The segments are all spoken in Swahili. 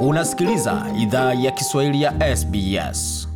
Unasikiliza idhaa ya Kiswahili ya SBS.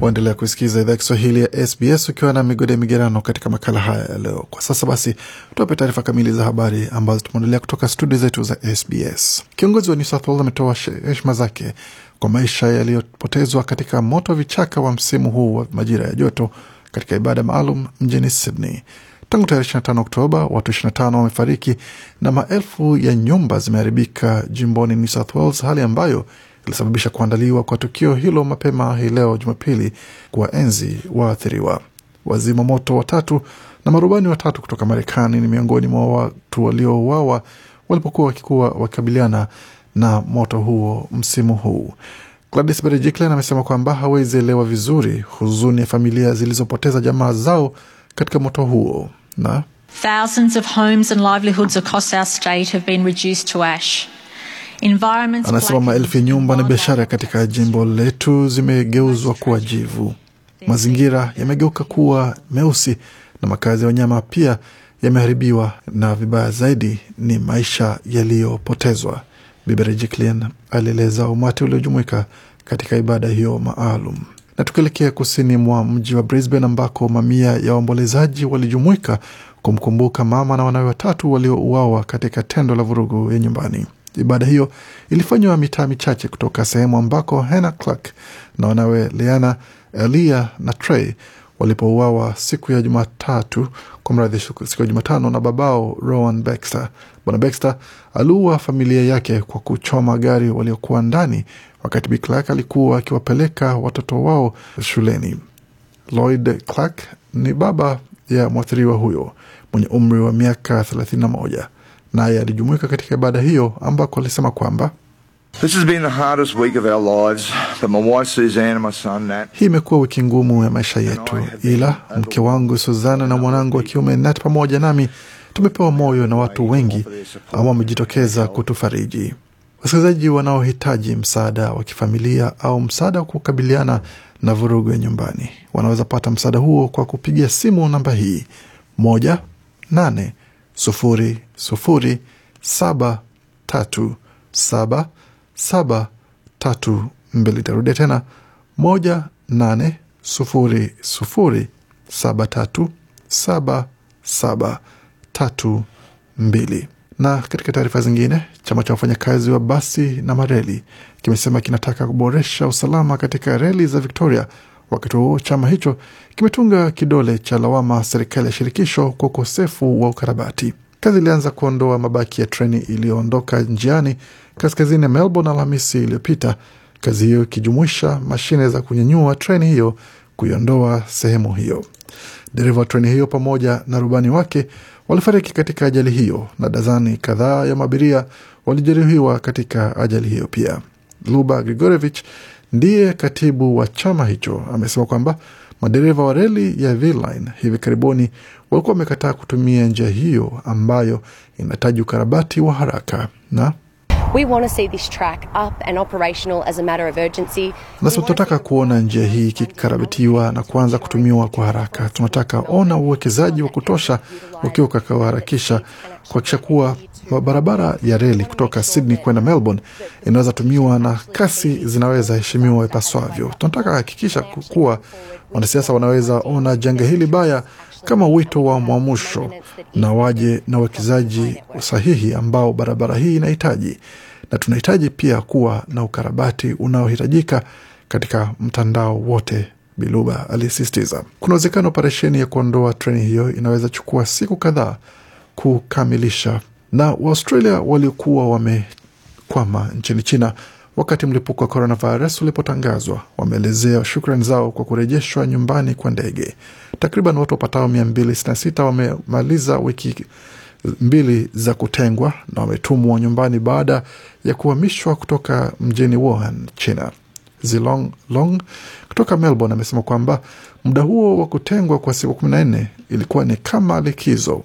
Waendelea kusikiliza idhaa ya Kiswahili ya SBS ukiwa na migode ya migerano katika makala haya ya leo. Kwa sasa basi, tuwape taarifa kamili za habari ambazo tumeandalia kutoka studio zetu za SBS. Kiongozi wa New South Wales ametoa heshima zake kwa maisha yaliyopotezwa katika moto vichaka wa msimu huu wa majira ya joto katika ibada maalum mjini Sydney. Tangu tarehe 25 Oktoba, watu 25 wamefariki na maelfu ya nyumba zimeharibika jimboni New South Wales, hali ambayo ilisababisha kuandaliwa kwa tukio hilo mapema hii leo Jumapili kuwaenzi waathiriwa. Wazima moto watatu na marubani watatu kutoka Marekani ni miongoni mwa watu waliouawa walipokuwa wakikuwa wakikabiliana na moto huo msimu huu. Gladys Berejiklian amesema kwamba hawezi elewa vizuri huzuni ya familia zilizopoteza jamaa zao katika moto huo na anasema maelfu ya nyumba na biashara katika jimbo letu zimegeuzwa kuwa jivu, mazingira yamegeuka kuwa meusi na makazi ya wanyama pia yameharibiwa, na vibaya zaidi ni maisha yaliyopotezwa. Bibi alieleza umati uliojumuika katika ibada hiyo maalum. Na tukielekea kusini mwa mji wa Brisbane ambako mamia ya waombolezaji walijumuika kumkumbuka mama na wanawe watatu waliouawa katika tendo la vurugu ya nyumbani. Ibada hiyo ilifanywa mitaa michache kutoka sehemu ambako Hannah Clark na wanawe Leana, Elia na Trey walipouawa siku ya Jumatatu, kwa mradhi, siku ya Jumatano na babao Rowan Baxter. Bwana Baxter aliua familia yake kwa kuchoma gari waliokuwa ndani, wakati Bi Clark alikuwa akiwapeleka watoto wao shuleni. Lloyd Clark ni baba ya mwathiriwa huyo mwenye umri wa miaka 31 naye alijumuika katika ibada hiyo ambako alisema kwamba This has been the hardest week of our lives, but my wife Suzanne and my son Nat. Hii imekuwa wiki ngumu ya maisha yetu, ila mke wangu Suzana na mwanangu wa kiume Nat pamoja nami tumepewa moyo na watu wengi ambao wamejitokeza kutufariji. Wasikilizaji wanaohitaji msaada wa kifamilia au msaada wa kukabiliana na vurugu ya nyumbani wanaweza pata msaada huo kwa kupiga simu namba hii moja nane sufuri sufuri saba tatu saba saba tatu mbili. Itarudia tena moja nane sufuri sufuri saba tatu saba saba tatu mbili. Na katika taarifa zingine, chama cha wafanyakazi wa basi na mareli kimesema kinataka kuboresha usalama katika reli za Victoria. Wakati huo chama hicho kimetunga kidole cha lawama serikali ya shirikisho kwa ukosefu wa ukarabati. Kazi ilianza kuondoa mabaki ya treni iliyoondoka njiani kaskazini ya Melbourne Alhamisi iliyopita, kazi hiyo ikijumuisha mashine za kunyanyua treni hiyo kuiondoa sehemu hiyo. Dereva wa treni hiyo pamoja na rubani wake walifariki katika ajali hiyo na dazani kadhaa ya mabiria walijeruhiwa katika ajali hiyo pia. Luba Grigorevich ndiye katibu wa chama hicho, amesema kwamba madereva wa reli ya Vline hivi karibuni walikuwa wamekataa kutumia njia hiyo ambayo inahitaji ukarabati wa haraka na basi tunataka kuona njia hii ikikarabatiwa na kuanza kutumiwa kwa haraka. Tunataka ona uwekezaji wa kutosha ukiwa kuharakisha kuhakikisha kuwa barabara ya reli kutoka Sydney kwenda Melbourne inaweza tumiwa na kasi zinaweza heshimiwa ipaswavyo. Tunataka hakikisha kuwa wanasiasa wanaweza ona janga hili baya kama wito wa mwamusho na waje na uwekezaji sahihi ambao barabara hii inahitaji na tunahitaji pia kuwa na ukarabati unaohitajika katika mtandao wote, Biluba alisisitiza. Kuna uwezekano operesheni ya kuondoa treni hiyo inaweza chukua siku kadhaa kukamilisha. Na Waaustralia waliokuwa wamekwama nchini China wakati mlipuko wa coronavirus ulipotangazwa wameelezea shukrani zao kwa kurejeshwa nyumbani kwa ndege. Takriban watu wapatao 266 wamemaliza wiki mbili za kutengwa na wametumwa nyumbani baada ya kuhamishwa kutoka mjini Wuhan, China. Zilong Long kutoka Melbourne amesema kwamba muda huo wa kutengwa kwa siku kumi na nne ilikuwa ni kama likizo.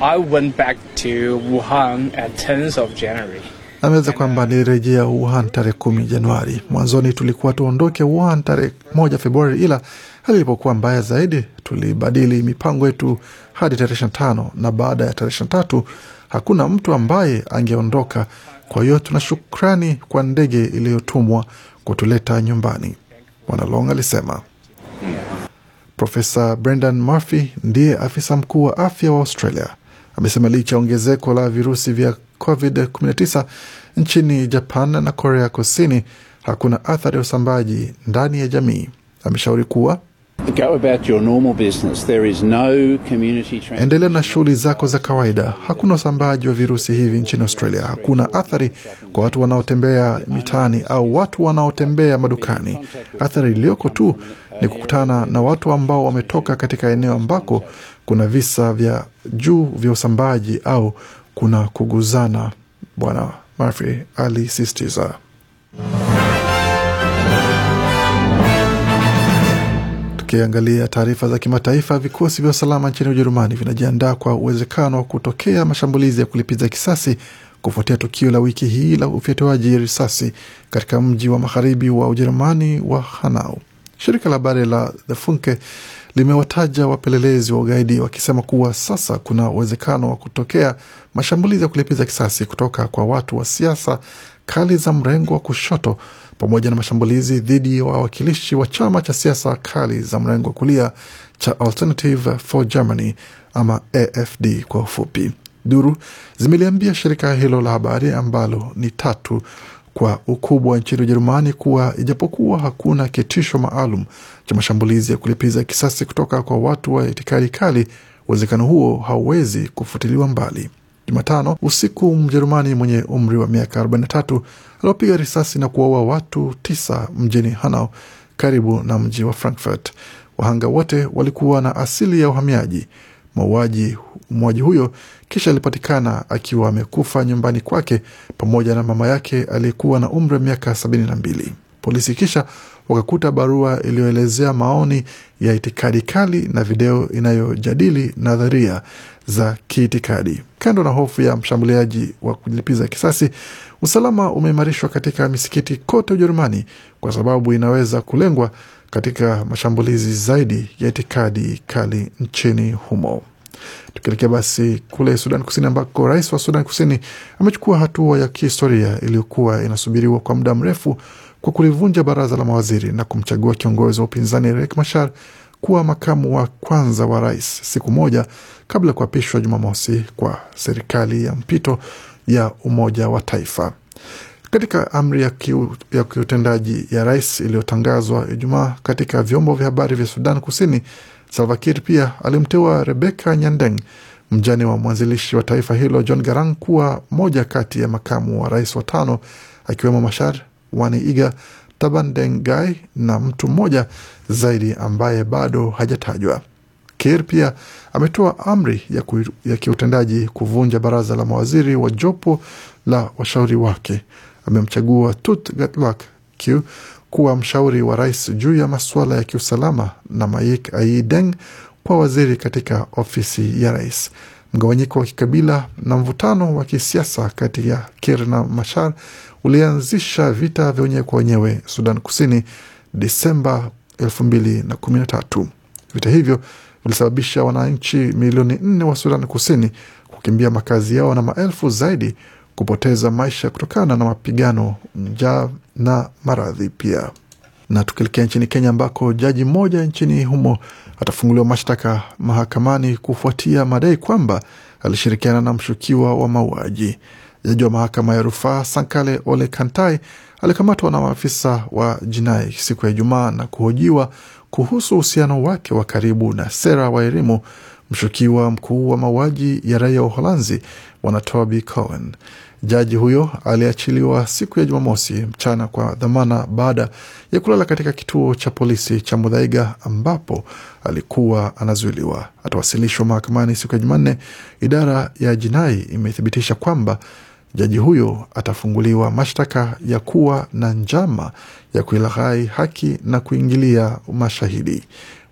I went back to Wuhan at 10th of January ameweza kwamba nilirejea Wuhan tarehe kumi Januari. Mwanzoni tulikuwa tuondoke Wuhan tarehe moja Februari, ila hali ilipokuwa mbaya zaidi tulibadili mipango yetu hadi tarehe ishirini na tano na baada ya tarehe ishirini na tatu hakuna mtu ambaye angeondoka. Kwa hiyo tuna shukrani kwa ndege iliyotumwa kutuleta nyumbani, Bwana Long alisema. Profesa Brendan Murphy ndiye afisa mkuu wa afya wa Australia amesema licha ongezeko la virusi vya COVID-19 nchini Japan na Korea Kusini hakuna athari ya usambaji ndani ya jamii. Ameshauri kuwa endelea na shughuli zako za kawaida. Hakuna usambaji wa virusi hivi nchini Australia. Hakuna athari kwa watu wanaotembea mitaani au watu wanaotembea madukani. Athari iliyoko tu ni kukutana na watu ambao wametoka katika eneo ambako kuna visa vya juu vya usambaji au kuna kuguzana, Bwana Murphy alisisitiza. Tukiangalia taarifa za kimataifa, vikosi vya usalama nchini Ujerumani vinajiandaa kwa uwezekano wa kutokea mashambulizi ya kulipiza kisasi kufuatia tukio la wiki hii la ufyatuaji risasi katika mji wa magharibi wa Ujerumani wa Hanau. Shirika la habari la The Funke limewataja wapelelezi wa ugaidi wakisema kuwa sasa kuna uwezekano wa kutokea mashambulizi ya kulipiza kisasi kutoka kwa watu wa siasa kali za mrengo wa kushoto pamoja na mashambulizi dhidi ya wa wawakilishi wa chama cha siasa kali za mrengo wa kulia cha Alternative for Germany ama AFD kwa ufupi. Duru zimeliambia shirika hilo la habari ambalo ni tatu kwa ukubwa nchini Ujerumani kuwa ijapokuwa hakuna kitisho maalum cha mashambulizi ya kulipiza kisasi kutoka kwa watu wa itikadi kali, uwezekano huo hauwezi kufutiliwa mbali. Jumatano usiku Mjerumani mwenye umri wa miaka 43 aliopiga risasi na kuwaua watu tisa mjini Hanau karibu na mji wa Frankfurt. Wahanga wote walikuwa na asili ya uhamiaji mauaji muuaji huyo kisha alipatikana akiwa amekufa nyumbani kwake pamoja na mama yake aliyekuwa na umri wa miaka sabini na mbili. Polisi kisha wakakuta barua iliyoelezea maoni ya itikadi kali na video inayojadili nadharia za kiitikadi. Kando na hofu ya mshambuliaji wa kulipiza kisasi, usalama umeimarishwa katika misikiti kote Ujerumani kwa sababu inaweza kulengwa katika mashambulizi zaidi ya itikadi kali nchini humo. Tukielekea basi kule Sudan Kusini, ambako rais wa Sudan Kusini amechukua hatua ya kihistoria iliyokuwa inasubiriwa kwa muda mrefu kwa kulivunja baraza la mawaziri na kumchagua kiongozi wa upinzani Riek Machar kuwa makamu wa kwanza wa rais siku moja kabla ya kuapishwa Jumamosi kwa serikali ya mpito ya umoja wa taifa. Katika amri ya, kiu, ya kiutendaji ya rais iliyotangazwa Ijumaa katika vyombo vya habari vya Sudan Kusini, Salva Kiir pia alimteua rebeka Nyandeng, mjane wa mwanzilishi wa taifa hilo John Garang, kuwa moja kati ya makamu wa rais watano, akiwemo Machar Waneiga Tabandengai na mtu mmoja zaidi ambaye bado hajatajwa. kir pia ametoa amri ya, ku, ya kiutendaji kuvunja baraza la mawaziri wa jopo la washauri wake. Amemchagua Tut Gatlak Q kuwa mshauri wa rais juu ya masuala ya kiusalama na ai Aideng kwa waziri katika ofisi ya rais. Mgawanyiko wa kikabila na mvutano wa kisiasa kati ya Kir na Mashar ulianzisha vita vya wenyewe kwa wenyewe Sudan Kusini Desemba 2013. Vita hivyo vilisababisha wananchi milioni nne wa Sudan Kusini kukimbia makazi yao na maelfu zaidi kupoteza maisha kutokana na mapigano, njaa na maradhi pia. Na tukielekea nchini Kenya ambako jaji mmoja nchini humo atafunguliwa mashtaka mahakamani kufuatia madai kwamba alishirikiana na mshukiwa wa mauaji. Jaji wa mahakama ya rufaa Sankale Ole Kantai alikamatwa na maafisa wa jinai siku ya Ijumaa na kuhojiwa kuhusu uhusiano wake wa karibu na Sera wa elimu, mshukiwa mkuu wa mauaji ya raia wa Uholanzi Bwana Toby Cohen. Jaji huyo aliachiliwa siku ya Jumamosi mchana kwa dhamana baada ya kulala katika kituo cha polisi cha Mudhaiga ambapo alikuwa anazuiliwa. Atawasilishwa mahakamani siku ya Jumanne. Idara ya jinai imethibitisha kwamba Jaji huyo atafunguliwa mashtaka ya kuwa na njama ya kuilaghai haki na kuingilia mashahidi.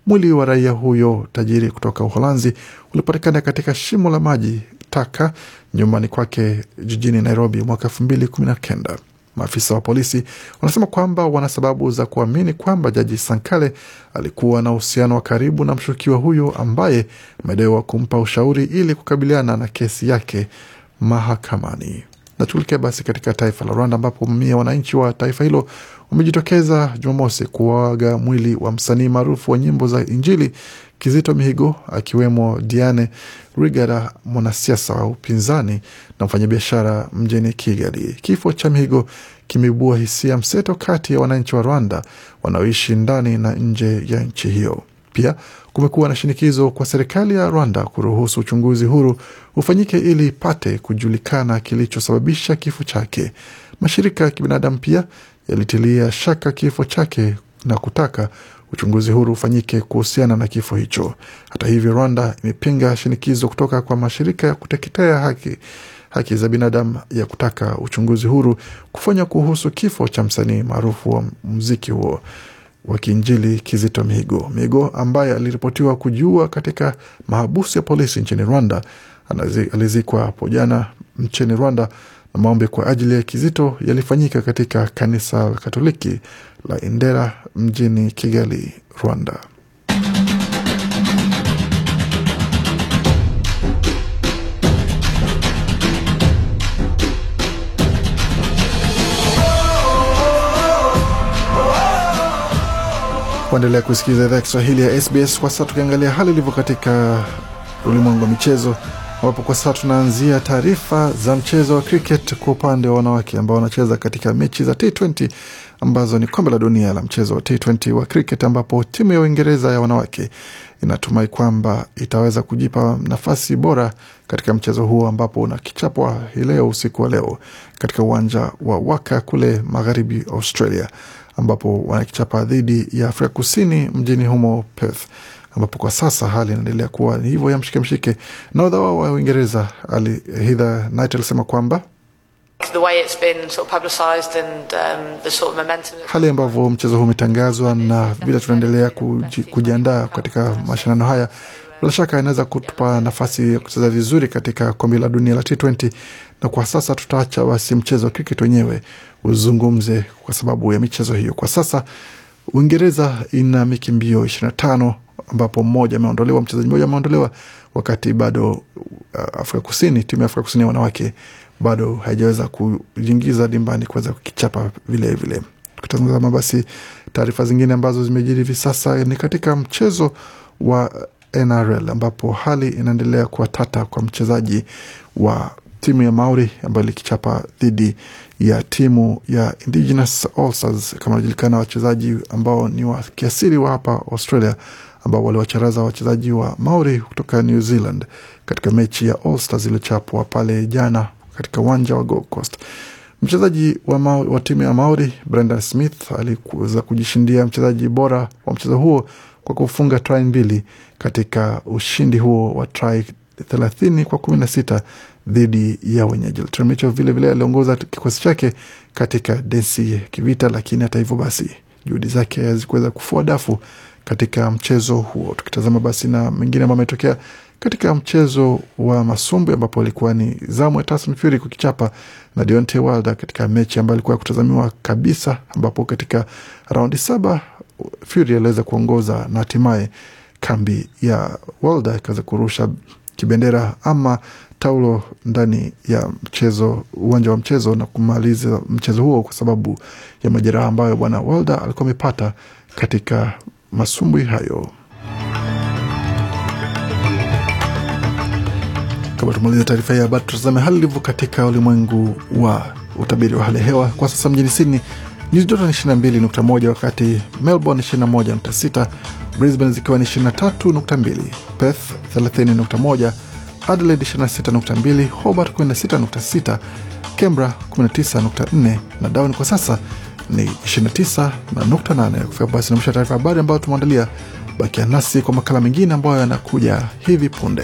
Mwili wa raia huyo tajiri kutoka Uholanzi ulipatikana katika shimo la maji taka nyumbani kwake jijini Nairobi mwaka elfu mbili kumi na kenda. Maafisa wa polisi wanasema kwamba wana sababu za kuamini kwamba Jaji Sankale alikuwa na uhusiano wa karibu na mshukiwa huyo ambaye amedaiwa kumpa ushauri ili kukabiliana na kesi yake mahakamani na tuelekea basi katika taifa la Rwanda ambapo mamia wananchi wa taifa hilo wamejitokeza Jumamosi kuaga mwili wa msanii maarufu wa nyimbo za Injili Kizito Mihigo, akiwemo Diane Rwigara, mwanasiasa wa upinzani na mfanyabiashara mjini Kigali. Kifo cha Mihigo kimeibua hisia mseto kati ya wananchi wa Rwanda wanaoishi ndani na nje ya nchi hiyo. Pia kumekuwa na shinikizo kwa serikali ya Rwanda kuruhusu uchunguzi huru ufanyike ili ipate kujulikana kilichosababisha kifo chake. Mashirika ya kibinadamu pia yalitilia shaka kifo chake na kutaka uchunguzi huru ufanyike kuhusiana na kifo hicho. Hata hivyo, Rwanda imepinga shinikizo kutoka kwa mashirika ya kutetea haki haki za binadamu ya kutaka uchunguzi huru kufanya kuhusu kifo cha msanii maarufu wa muziki huo wa Kiinjili Kizito Mihigo. Mihigo ambaye aliripotiwa kujua katika mahabusu ya polisi nchini Rwanda alizikwa hapo jana nchini Rwanda, na maombi kwa ajili ya Kizito yalifanyika katika kanisa Katoliki la Indera mjini Kigali, Rwanda. Waendelea kusikiliza idhaa ya Kiswahili ya SBS. Kwa sasa tukiangalia hali ilivyo katika ulimwengu wa michezo, ambapo kwa sasa tunaanzia taarifa za mchezo wa cricket kwa upande wa wanawake ambao wanacheza katika mechi za T20 ambazo ni kombe la dunia la mchezo wa T20 wa cricket, ambapo timu ya Uingereza ya wanawake inatumai kwamba itaweza kujipa nafasi bora katika mchezo huo ambapo unakichapwa hii leo usiku wa leo katika uwanja wa Waka kule magharibi Australia ambapo wanakichapa dhidi ya Afrika Kusini mjini humo Perth, ambapo kwa sasa hali inaendelea kuwa ni hivyo ya mshike mshike. Nahodha wao wa Uingereza Ali Heather Knight alisema kwamba um, hali ambavyo mchezo huu umetangazwa na vile tunaendelea kujiandaa katika mashindano haya bila shaka inaweza kutupa nafasi ya kucheza vizuri katika kombe la dunia la T20, na kwa sasa tutaacha basi mchezo wa kriketi wenyewe uzungumze kwa sababu ya michezo hiyo. Kwa sasa Uingereza ina mikimbio ishirini na tano ambapo mmoja ameondolewa, mchezaji mmoja ameondolewa, wakati bado uh, Afrika Kusini, timu ya Afrika Kusini ya wanawake bado haijaweza kujiingiza dimbani kuweza kukichapa vilevile. Tukitazama basi taarifa zingine ambazo zimejiri hivi sasa ni katika mchezo wa NRL ambapo hali inaendelea kuwa tata kwa mchezaji wa timu ya Maori ambayo likichapa dhidi ya timu ya Indigenous kama inajulikana, wachezaji ambao ni wa kiasili wa hapa Australia ambao waliwacharaza wachezaji wa Maori kutoka New Zealand katika mechi ya All iliyochapwa pale jana katika uwanja wa Gold Coast. Mchezaji wa, wa timu ya Maori Brendan Smith aliweza kujishindia mchezaji bora wa mchezo huo kwa kufunga trai mbili katika ushindi huo wa trai thelathini kwa kumi na sita dhidi ya wenyeji. Latremitro vilevile aliongoza kikosi chake katika densi ya kivita, lakini hata hivyo basi juhudi zake hazikuweza kufua dafu katika mchezo huo. Tukitazama basi na mengine ambayo ametokea katika mchezo wa masumbwi ambapo alikuwa ni zamu ya Tyson Fury kukichapa na Deontay Wilder katika mechi ambayo alikuwa kutazamiwa kabisa, ambapo katika raundi saba Fury aliweza kuongoza na hatimaye kambi ya Wilder ikaweza kurusha kibendera ama taulo ndani ya mchezo uwanja wa mchezo na kumaliza mchezo huo kwa sababu ya majeraha ambayo bwana Wilder alikuwa amepata katika masumbwi hayo. Kabla tumaliza taarifa hii ya habari, tutazame hali ilivyo katika ulimwengu wa utabiri wa hali ya hewa kwa sasa mjini Sydney nyuzi ni 22.1, wakati Melbourne 21.6, Brisbane zikiwa ni 23.2, Perth 30.1, Adelaide 26.2, Hobart 16.6, Canberra 19.4 na Darwin kwa sasa ni 29.8. Kufika basi na mwisho wa taarifa habari ambayo tumeandalia. Bakia nasi kwa makala mengine ambayo yanakuja hivi punde.